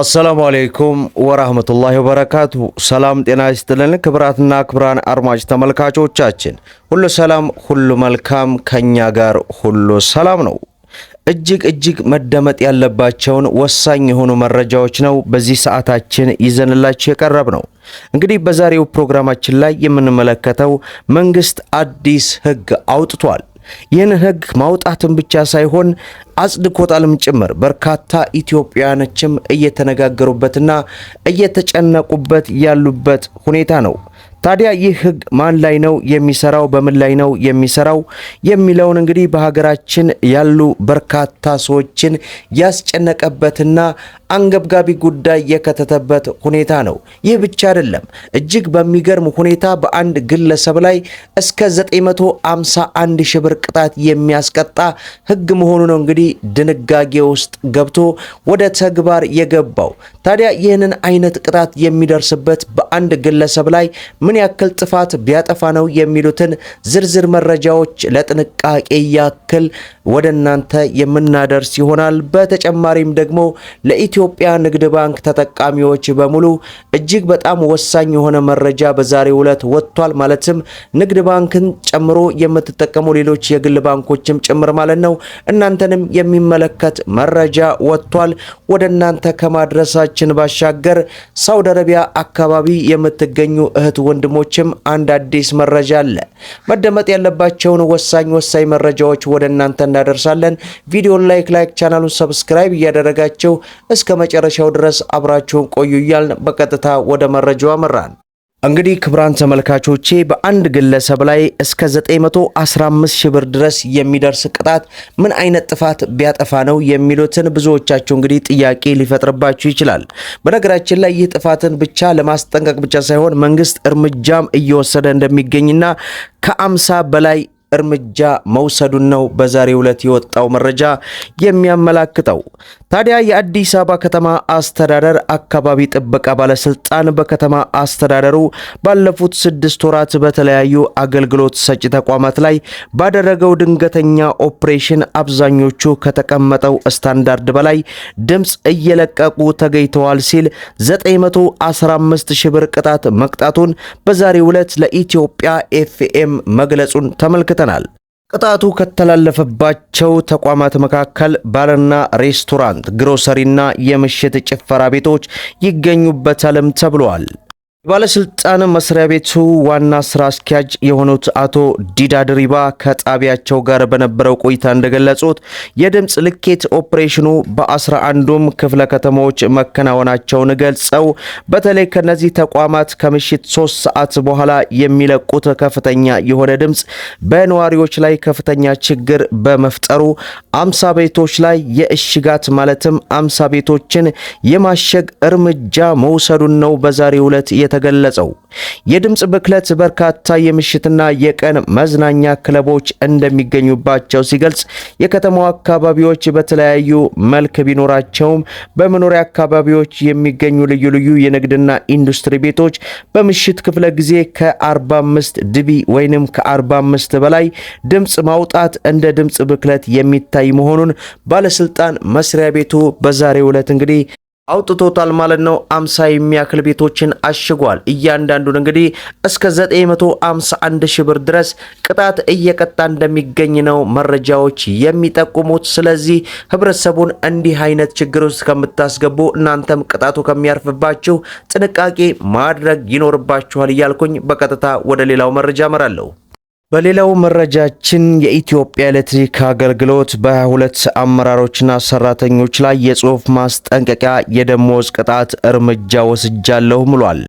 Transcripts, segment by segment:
አሰላሙ አሌይኩም ወራህመቱላሂ ወበረካቱ። ሰላም ጤና ይስጥልን ክብራትና ክብራን አድማጭ ተመልካቾቻችን ሁሉ ሰላም ሁሉ መልካም፣ ከኛ ጋር ሁሉ ሰላም ነው። እጅግ እጅግ መደመጥ ያለባቸውን ወሳኝ የሆኑ መረጃዎች ነው በዚህ ሰዓታችን ይዘንላችሁ የቀረብ ነው። እንግዲህ በዛሬው ፕሮግራማችን ላይ የምንመለከተው መንግስት አዲስ ህግ አውጥቷል። ይህን ህግ ማውጣትን ብቻ ሳይሆን አጽድቆታልም ጭምር። በርካታ ኢትዮጵያውያኖችም እየተነጋገሩበትና እየተጨነቁበት ያሉበት ሁኔታ ነው። ታዲያ ይህ ህግ ማን ላይ ነው የሚሰራው? በምን ላይ ነው የሚሰራው የሚለውን እንግዲህ በሀገራችን ያሉ በርካታ ሰዎችን ያስጨነቀበትና አንገብጋቢ ጉዳይ የከተተበት ሁኔታ ነው። ይህ ብቻ አይደለም። እጅግ በሚገርም ሁኔታ በአንድ ግለሰብ ላይ እስከ 951 ሺህ ብር ቅጣት የሚያስቀጣ ህግ መሆኑ ነው እንግዲህ ድንጋጌ ውስጥ ገብቶ ወደ ተግባር የገባው። ታዲያ ይህንን አይነት ቅጣት የሚደርስበት በአንድ ግለሰብ ላይ ምን ምን ያክል ጥፋት ቢያጠፋ ነው የሚሉትን ዝርዝር መረጃዎች ለጥንቃቄ ያክል ወደ እናንተ የምናደርስ ይሆናል። በተጨማሪም ደግሞ ለኢትዮጵያ ንግድ ባንክ ተጠቃሚዎች በሙሉ እጅግ በጣም ወሳኝ የሆነ መረጃ በዛሬው ዕለት ወጥቷል። ማለትም ንግድ ባንክን ጨምሮ የምትጠቀሙ ሌሎች የግል ባንኮችም ጭምር ማለት ነው እናንተንም የሚመለከት መረጃ ወጥቷል። ወደ እናንተ ከማድረሳችን ባሻገር ሳውዲ አረቢያ አካባቢ የምትገኙ እህት ወንድ ወንድሞችም አንድ አዲስ መረጃ አለ። መደመጥ ያለባቸውን ወሳኝ ወሳኝ መረጃዎች ወደ እናንተ እናደርሳለን። ቪዲዮን ላይክ ላይክ ቻናሉን ሰብስክራይብ እያደረጋችሁ እስከ መጨረሻው ድረስ አብራችሁን ቆዩ እያልን በቀጥታ ወደ መረጃው አመራን። እንግዲህ ክብራን ተመልካቾቼ በአንድ ግለሰብ ላይ እስከ 915 ሺህ ብር ድረስ የሚደርስ ቅጣት ምን አይነት ጥፋት ቢያጠፋ ነው የሚሉትን ብዙዎቻቸው እንግዲህ ጥያቄ ሊፈጥርባችሁ ይችላል። በነገራችን ላይ ይህ ጥፋትን ብቻ ለማስጠንቀቅ ብቻ ሳይሆን መንግስት እርምጃም እየወሰደ እንደሚገኝና ከአምሳ በላይ እርምጃ መውሰዱን ነው በዛሬው ዕለት የወጣው መረጃ የሚያመላክተው። ታዲያ የአዲስ አበባ ከተማ አስተዳደር አካባቢ ጥበቃ ባለስልጣን በከተማ አስተዳደሩ ባለፉት ስድስት ወራት በተለያዩ አገልግሎት ሰጪ ተቋማት ላይ ባደረገው ድንገተኛ ኦፕሬሽን አብዛኞቹ ከተቀመጠው ስታንዳርድ በላይ ድምፅ እየለቀቁ ተገኝተዋል ሲል 915 ሺህ ብር ቅጣት መቅጣቱን በዛሬው ዕለት ለኢትዮጵያ ኤፍኤም መግለጹን ተመልክተናል። ቅጣቱ ከተላለፈባቸው ተቋማት መካከል ባርና ሬስቶራንት፣ ግሮሰሪና የምሽት ጭፈራ ቤቶች ይገኙበታልም ተብሏል። የባለስልጣን መስሪያ ቤቱ ዋና ስራ አስኪያጅ የሆኑት አቶ ዲዳ ድሪባ ከጣቢያቸው ጋር በነበረው ቆይታ እንደገለጹት የድምፅ ልኬት ኦፕሬሽኑ በአስራ አንዱም ክፍለ ከተማዎች መከናወናቸውን ገልጸው በተለይ ከነዚህ ተቋማት ከምሽት ሶስት ሰዓት በኋላ የሚለቁት ከፍተኛ የሆነ ድምፅ በነዋሪዎች ላይ ከፍተኛ ችግር በመፍጠሩ አምሳ ቤቶች ላይ የእሽጋት ማለትም አምሳ ቤቶችን የማሸግ እርምጃ መውሰዱን ነው በዛሬው ዕለት የተገለጸው። የድምፅ ብክለት በርካታ የምሽትና የቀን መዝናኛ ክለቦች እንደሚገኙባቸው ሲገልጽ የከተማው አካባቢዎች በተለያዩ መልክ ቢኖራቸውም በመኖሪያ አካባቢዎች የሚገኙ ልዩ ልዩ የንግድና ኢንዱስትሪ ቤቶች በምሽት ክፍለ ጊዜ ከ45 ድቢ ወይንም ከ45 በላይ ድምፅ ማውጣት እንደ ድምፅ ብክለት የሚታይ መሆኑን ባለስልጣን መስሪያ ቤቱ በዛሬው ዕለት እንግዲህ አውጥቶታል ማለት ነው። አምሳ የሚያክል ቤቶችን አሽጓል። እያንዳንዱን እንግዲህ እስከ 951 ሺህ ብር ድረስ ቅጣት እየቀጣ እንደሚገኝ ነው መረጃዎች የሚጠቁሙት። ስለዚህ ህብረተሰቡን እንዲህ አይነት ችግር ውስጥ ከምታስገቡ እናንተም ቅጣቱ ከሚያርፍባችሁ ጥንቃቄ ማድረግ ይኖርባችኋል እያልኩኝ በቀጥታ ወደ ሌላው መረጃ አመራለሁ። በሌላው መረጃችን የኢትዮጵያ ኤሌክትሪክ አገልግሎት በሁለት አመራሮችና ሰራተኞች ላይ የጽሑፍ ማስጠንቀቂያ የደሞዝ ቅጣት እርምጃ ወስጃለሁ ብሏል።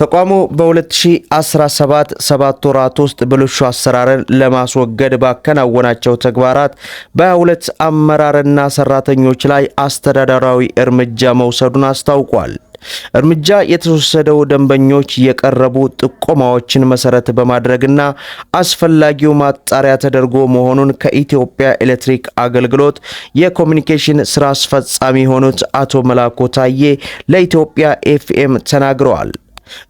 ተቋሙ በ2017 ሰባት ወራት ውስጥ ብልሹ አሰራርን ለማስወገድ ባከናወናቸው ተግባራት በ2 በሁለት አመራርና ሰራተኞች ላይ አስተዳደራዊ እርምጃ መውሰዱን አስታውቋል። እርምጃ የተወሰደው ደንበኞች የቀረቡ ጥቆማዎችን መሰረት በማድረግና አስፈላጊው ማጣሪያ ተደርጎ መሆኑን ከኢትዮጵያ ኤሌክትሪክ አገልግሎት የኮሚኒኬሽን ስራ አስፈጻሚ የሆኑት አቶ መላኮ ታዬ ለኢትዮጵያ ኤፍኤም ተናግረዋል።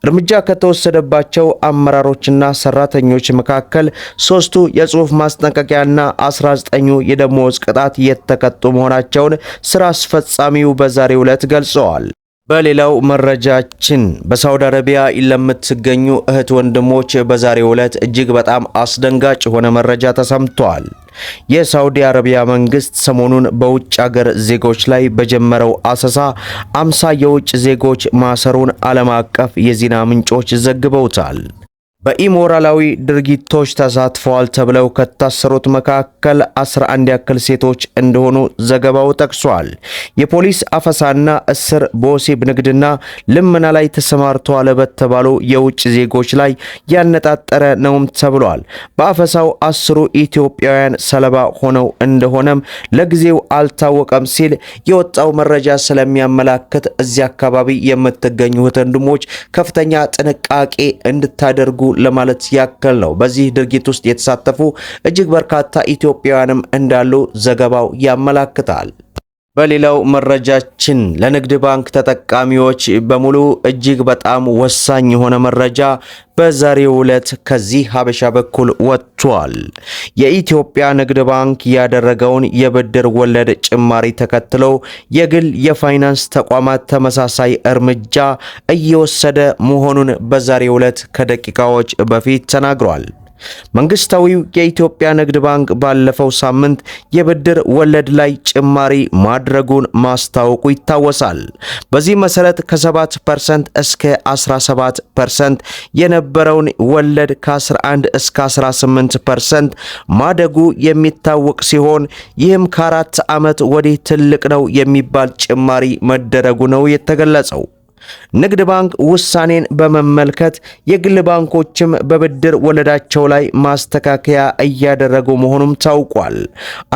እርምጃ ከተወሰደባቸው አመራሮችና ሰራተኞች መካከል ሶስቱ የጽሁፍ ማስጠንቀቂያና 19 ዘጠኙ የደሞዝ ቅጣት የተቀጡ መሆናቸውን ስራ አስፈጻሚው በዛሬው ዕለት ገልጸዋል። በሌላው መረጃችን በሳውዲ አረቢያ ለምትገኙ እህት ወንድሞች በዛሬው ዕለት እጅግ በጣም አስደንጋጭ የሆነ መረጃ ተሰምቷል። የሳውዲ አረቢያ መንግስት ሰሞኑን በውጭ አገር ዜጎች ላይ በጀመረው አሰሳ አምሳ የውጭ ዜጎች ማሰሩን ዓለም አቀፍ የዜና ምንጮች ዘግበውታል። በኢሞራላዊ ድርጊቶች ተሳትፈዋል ተብለው ከታሰሩት መካከል 11 ያክል ሴቶች እንደሆኑ ዘገባው ጠቅሷል። የፖሊስ አፈሳና እስር በወሲብ ንግድና ልመና ላይ ተሰማርተዋል በተባሉ የውጭ ዜጎች ላይ ያነጣጠረ ነውም ተብሏል። በአፈሳው አስሩ ኢትዮጵያውያን ሰለባ ሆነው እንደሆነም ለጊዜው አልታወቀም ሲል የወጣው መረጃ ስለሚያመላክት እዚህ አካባቢ የምትገኙት ወንድሞች ከፍተኛ ጥንቃቄ እንድታደርጉ ለማለት ያክል ነው። በዚህ ድርጊት ውስጥ የተሳተፉ እጅግ በርካታ ኢትዮጵያውያንም እንዳሉ ዘገባው ያመላክታል። በሌላው መረጃችን ለንግድ ባንክ ተጠቃሚዎች በሙሉ እጅግ በጣም ወሳኝ የሆነ መረጃ በዛሬው ዕለት ከዚህ ሀበሻ በኩል ወጥቷል። የኢትዮጵያ ንግድ ባንክ ያደረገውን የብድር ወለድ ጭማሪ ተከትሎ የግል የፋይናንስ ተቋማት ተመሳሳይ እርምጃ እየወሰደ መሆኑን በዛሬው ዕለት ከደቂቃዎች በፊት ተናግሯል። መንግስታዊው የኢትዮጵያ ንግድ ባንክ ባለፈው ሳምንት የብድር ወለድ ላይ ጭማሪ ማድረጉን ማስታወቁ ይታወሳል። በዚህ መሰረት ከ7% እስከ 17% የነበረውን ወለድ ከ11 እስከ 18% ማደጉ የሚታወቅ ሲሆን ይህም ከአራት ዓመት ወዲህ ትልቅ ነው የሚባል ጭማሪ መደረጉ ነው የተገለጸው። ንግድ ባንክ ውሳኔን በመመልከት የግል ባንኮችም በብድር ወለዳቸው ላይ ማስተካከያ እያደረጉ መሆኑም ታውቋል።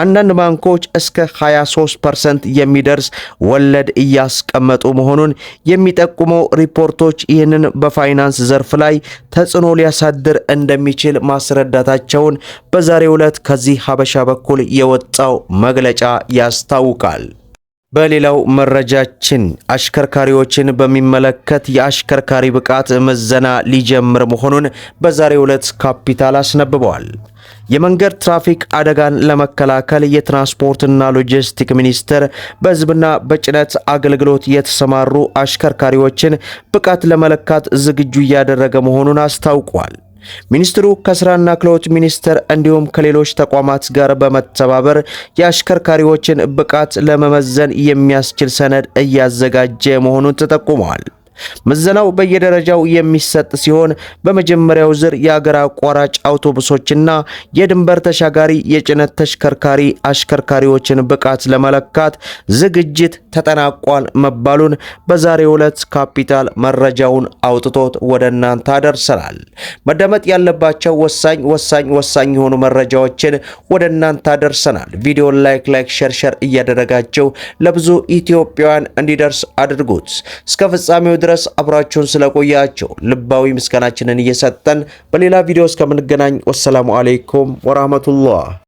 አንዳንድ ባንኮች እስከ 23% የሚደርስ ወለድ እያስቀመጡ መሆኑን የሚጠቁመው ሪፖርቶች ይህንን በፋይናንስ ዘርፍ ላይ ተጽዕኖ ሊያሳድር እንደሚችል ማስረዳታቸውን በዛሬው ዕለት ከዚህ ሀበሻ በኩል የወጣው መግለጫ ያስታውቃል። በሌላው መረጃችን አሽከርካሪዎችን በሚመለከት የአሽከርካሪ ብቃት ምዘና ሊጀምር መሆኑን በዛሬው ዕለት ካፒታል አስነብበዋል። የመንገድ ትራፊክ አደጋን ለመከላከል የትራንስፖርትና ሎጂስቲክ ሚኒስቴር በሕዝብና በጭነት አገልግሎት የተሰማሩ አሽከርካሪዎችን ብቃት ለመለካት ዝግጁ እያደረገ መሆኑን አስታውቋል። ሚኒስትሩ ከስራና ክህሎት ሚኒስቴር እንዲሁም ከሌሎች ተቋማት ጋር በመተባበር የአሽከርካሪዎችን ብቃት ለመመዘን የሚያስችል ሰነድ እያዘጋጀ መሆኑን ተጠቁመዋል። ምዘናው በየደረጃው የሚሰጥ ሲሆን በመጀመሪያው ዝር የአገር አቋራጭ አውቶቡሶችና የድንበር ተሻጋሪ የጭነት ተሽከርካሪ አሽከርካሪዎችን ብቃት ለመለካት ዝግጅት ተጠናቋል መባሉን በዛሬ ዕለት ካፒታል መረጃውን አውጥቶት ወደ እናንተ አደርሰናል። መደመጥ ያለባቸው ወሳኝ ወሳኝ ወሳኝ የሆኑ መረጃዎችን ወደ እናንተ አደርሰናል። ቪዲዮን ላይክ ላይክ ሸር ሸር እያደረጋቸው ለብዙ ኢትዮጵያውያን እንዲደርስ አድርጉት። እስከ ፍጻሜው ድረስ አብራችሁን ስለቆያቸው ልባዊ ምስጋናችንን እየሰጠን በሌላ ቪዲዮ እስከምንገናኝ ወሰላሙ አሌይኩም ወራህመቱላህ